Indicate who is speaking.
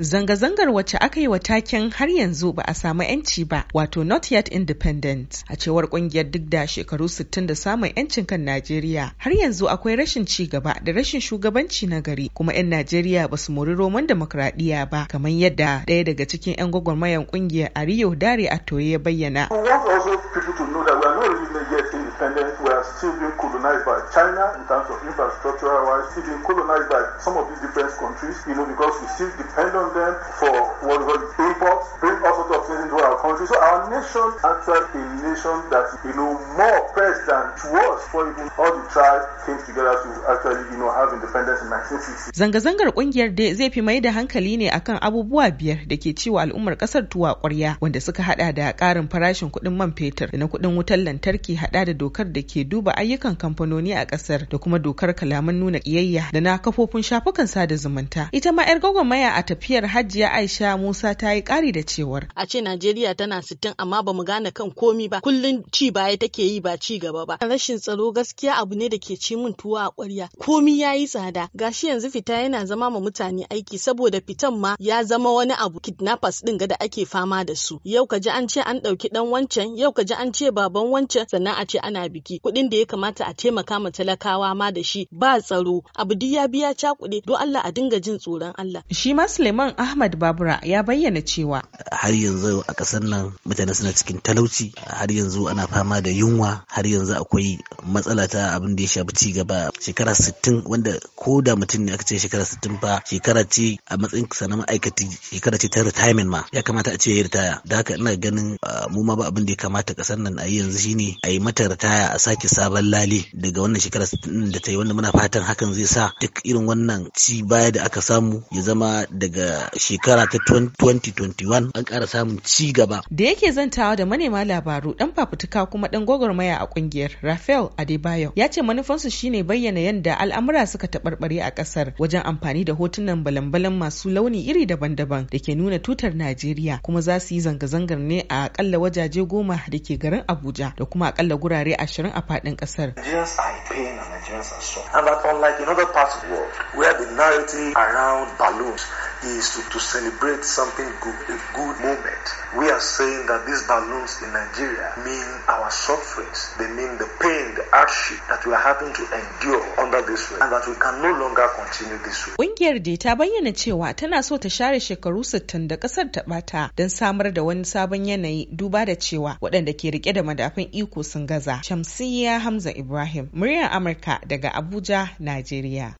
Speaker 1: Zanga-zangar wacce aka yi wa taken har yanzu ba a samu 'yanci ba, wato not yet independent, a cewar kungiyar duk da shekaru 60 da samun 'yancin kan Najeriya. Har yanzu akwai rashin ci gaba da rashin shugabanci na gari, kuma 'yan Najeriya ba su mori roman demokradiyya ba, kamar yadda ɗaya daga cikin 'yan gwagwarmayan kungiyar Ariyo Dare Atoye ya bayyana.
Speaker 2: we are still being colonized by China in terms of infrastructure, we're still being colonized by some of these different countries, you know, because we still depend on them for what we call imports, bring all sorts of things into country. So our nation actually a nation that you know more oppressed than it was for even all the tribes came together to actually you know have independence in 1960.
Speaker 1: Zanga-zangar kungiyar dai zai fi mai da hankali ne akan abubuwa biyar da ke cewa al'ummar kasar tuwa kwarya wanda suka hada da karin farashin kuɗin man fetur da na kuɗin wutar lantarki hada da dokar da ke duba ayyukan kamfanoni a kasar da kuma dokar kalaman nuna ƙiyayya da na kafofin shafukan sada zumunta. Ita ma 'yar maya a tafiyar hajjiya Aisha Musa ta yi ƙari da cewar.
Speaker 2: A ce Najeriya tana shekara sittin amma bamu gane kan komi ba kullum ci baya take yi ba ci gaba ba rashin tsaro gaskiya abu ne da ke ci min tuwa a ƙwarya komi yayi tsada gashi yanzu fita yana zama ma mutane aiki saboda fitan ma ya zama wani abu kidnappers din ga da ake fama da su yau ka ji an ce an ɗauki ɗan wancan yau ka ji an ce baban wancan sannan a ce ana biki kuɗin da ya kamata a taimaka ma talakawa ma da shi ba tsaro abu duk ya biya cakuɗe don Allah a dinga jin tsoron Allah shi ma Suleiman Ahmad Babura ya bayyana cewa
Speaker 3: har yanzu a ƙasar nan nan mutane suna cikin talauci har yanzu ana fama da yunwa har yanzu akwai matsala ta abin da ya shafi ci gaba shekara sittin wanda ko da mutum ne aka ce shekara sittin fa shekara ce a matsayin sa na ma'aikaci shekara ce ta retirement ma ya kamata a ce ya ritaya da haka ina ganin mu ma ba abin da ya kamata kasar nan a yi yanzu shine a yi mata ritaya a sake sabon lale daga wannan shekara 60 da ta yi wanda muna fatan hakan zai sa duk irin wannan ci baya da aka samu ya zama daga shekara ta 2021 an ƙara samun ci gaba
Speaker 1: da yake zantawa da manema labaru dan fafutuka kuma dan gwagwarmaya a kungiyar rafael adebayo ya ce manufansu shine bayyana yadda al'amura suka taɓarɓare a ƙasar wajen amfani da hotunan balan-balan masu launi iri daban-daban da ke nuna tutar najeriya kuma za su yi zanga-zangar ne a akalla wajaje goma da ke garin abuja da kuma akalla gurare ashirin a faɗin ƙasar
Speaker 3: And that unlike in other parts of the world where the narrative around balloons is to, to
Speaker 2: celebrate something good, a good moment. We are saying that these balloons in Nigeria mean our sufferings. They mean the pain, the hardship that we are having to endure under
Speaker 3: this way and that we can no longer continue this
Speaker 1: way. Ƙungiyar D ta bayyana cewa tana so ta share shekaru 60 da ƙasar ta ɓata don samar da wani sabon yanayi duba da cewa waɗanda ke rike da madafin iko sun gaza. Shamsiyya Hamza Ibrahim, muryar Amurka daga Abuja, Najeriya.